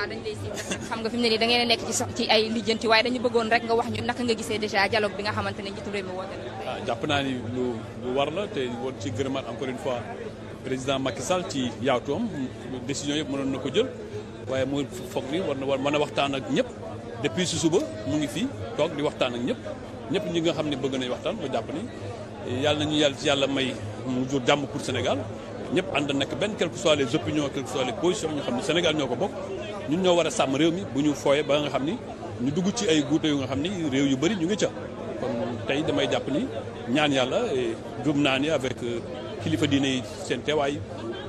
waaw ah, dañ xam nga fi mu da ngeen nekk ci ci ay lijjanti waaye dañu bëggoon rek nga wax ñu naka nga gisee déjà dialogue bi nga xamante ne njiitu réew mi woote ah, jàpp naa ni lu lu war la te war ci gërëmaat encore une fois président Macky Sall ci yaatuwam décision yëpp mënoon na ko jël waaye mu foog ni war na war mën a waxtaan ak ñëpp depuis su suba mu ngi fii toog di waxtaan ak ñëpp ñëpp ñi nga xam ne bëgg nañ waxtaan ba jàpp ni yàlla nañu yàlla ci yàlla may mu jur jàmm pour Sénégal ñëpp ànd nekk benn quelles que soient les opinions quelles que soient les positions ñu xam ne Sénégal ñoo ko bokk ñun ñoo war a sàmm réew mi bu ñu fooyee ba nga xam ni ñu dugg ci ay guute yu nga xam ni réew yu bëri ñu ngi ca kon tey damay jàpp ni ñaan yàlla jum naa ni avec euh, kilifa diine yi seen teewaay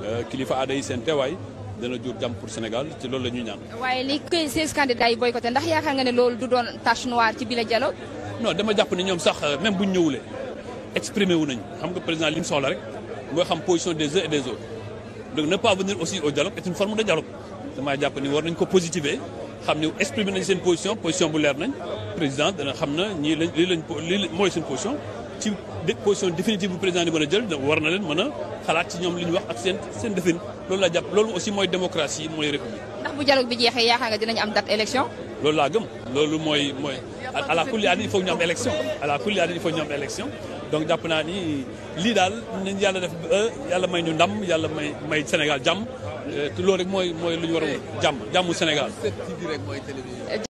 euh, kilifa aada yi seen teewaay dana jur jàmm pour Sénégal ci lool la ñuy ñaan. waaye li koy seize candidats yi boycotté ndax yaakaar nga ne loolu du doon tache noire ci bile dialogue. non dama jàpp ni ñoom sax euh, même bu ñu ñëwulee exprimer wu nañu xam nga président li mu rek. mooy xam position des uns et des autres donc ne pas venir aussi o dialogue est une forme de dialogue damaa jàpp ni war nañ ko positiver xam ni exprimer nañ seen position position bu leer nañ président dana xam na ñii lañ lii lañ lii mooy seen position ci position définitive bu président di mën a jël war na leen mën a xalaat ci ñoom li ñu wax ak seen seen defin loolu laa jàpp loolu aussi mooy démocratie mooy république. ndax bu dialogue bi jeexee yaakaar nga dinañ am date loolu laa gëm loolu mooy mooy. à la kulli àll il faut ñu am élection à la kulli àll il faut ñu am élection donc jàpp naa ni lii daal nañ yàlla def euh, yàlla may ñu ndam yàlla may may Sénégal jàmm euh, loolu mooy mooy lu ñu war a jàmm jàmmu Sénégal.